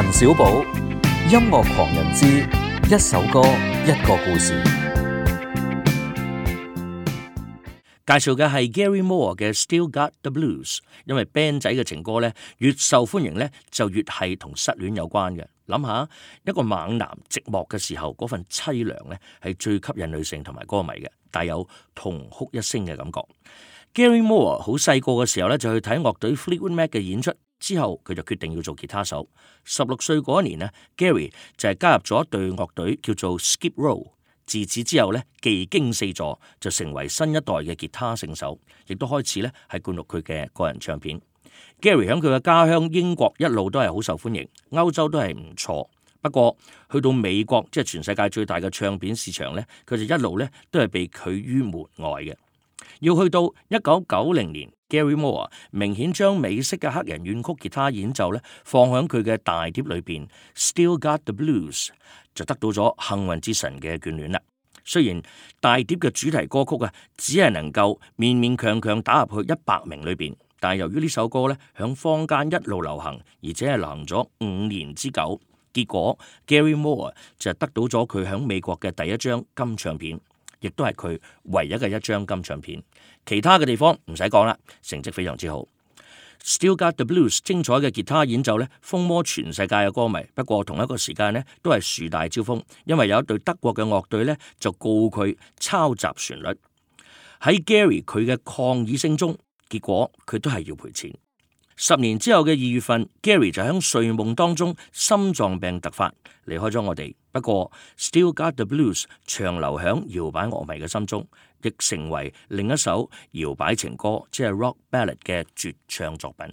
陳少寶，音樂狂人之一首歌一個故事，介紹嘅係 Gary Moore 嘅 Still Got The Blues。因為 band 仔嘅情歌咧，越受歡迎咧就越係同失戀有關嘅。諗下一個猛男寂寞嘅時候嗰份淒涼咧，係最吸引女性同埋歌迷嘅，帶有痛哭一聲嘅感覺。Gary Moore 好細個嘅時候咧，就去睇樂隊 Fleetwood Mac 嘅演出。之後佢就決定要做吉他手。十六歲嗰年呢，Gary 就係加入咗一隊樂隊叫做 Skip Row。自此之後咧，技驚四座就成為新一代嘅吉他聖手，亦都開始咧係灌錄佢嘅個人唱片。Gary 響佢嘅家鄉英國一路都係好受歡迎，歐洲都係唔錯。不過去到美國，即係全世界最大嘅唱片市場咧，佢就一路咧都係被拒於門外嘅。要去到一九九零年，Gary Moore 明顯將美式嘅黑人怨曲吉他演奏咧放響佢嘅大碟裏邊，Still Got The Blues 就得到咗幸運之神嘅眷戀啦。雖然大碟嘅主題歌曲啊，只係能夠勉勉強強打入去一百名裏邊，但係由於呢首歌咧響坊間一路流行，而且係流行咗五年之久，結果 Gary Moore 就得到咗佢響美國嘅第一張金唱片。亦都係佢唯一嘅一張金唱片，其他嘅地方唔使講啦，成績非常之好。Still Got The Blues 精彩嘅吉他演奏呢，風靡全世界嘅歌迷。不過同一個時間呢，都係樹大招風，因為有一對德國嘅樂隊呢，就告佢抄襲旋律。喺 Gary 佢嘅抗議聲中，結果佢都係要賠錢。十年之後嘅二月份，Gary 就喺睡夢當中心臟病突發離開咗我哋。不過，Still Got The Blues 長留響搖擺樂迷嘅心中，亦成為另一首搖擺情歌，即係 Rock Ballad 嘅絕唱作品。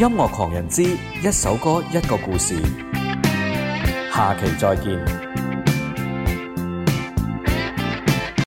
音樂狂人之一首歌，一個故事，下期再見。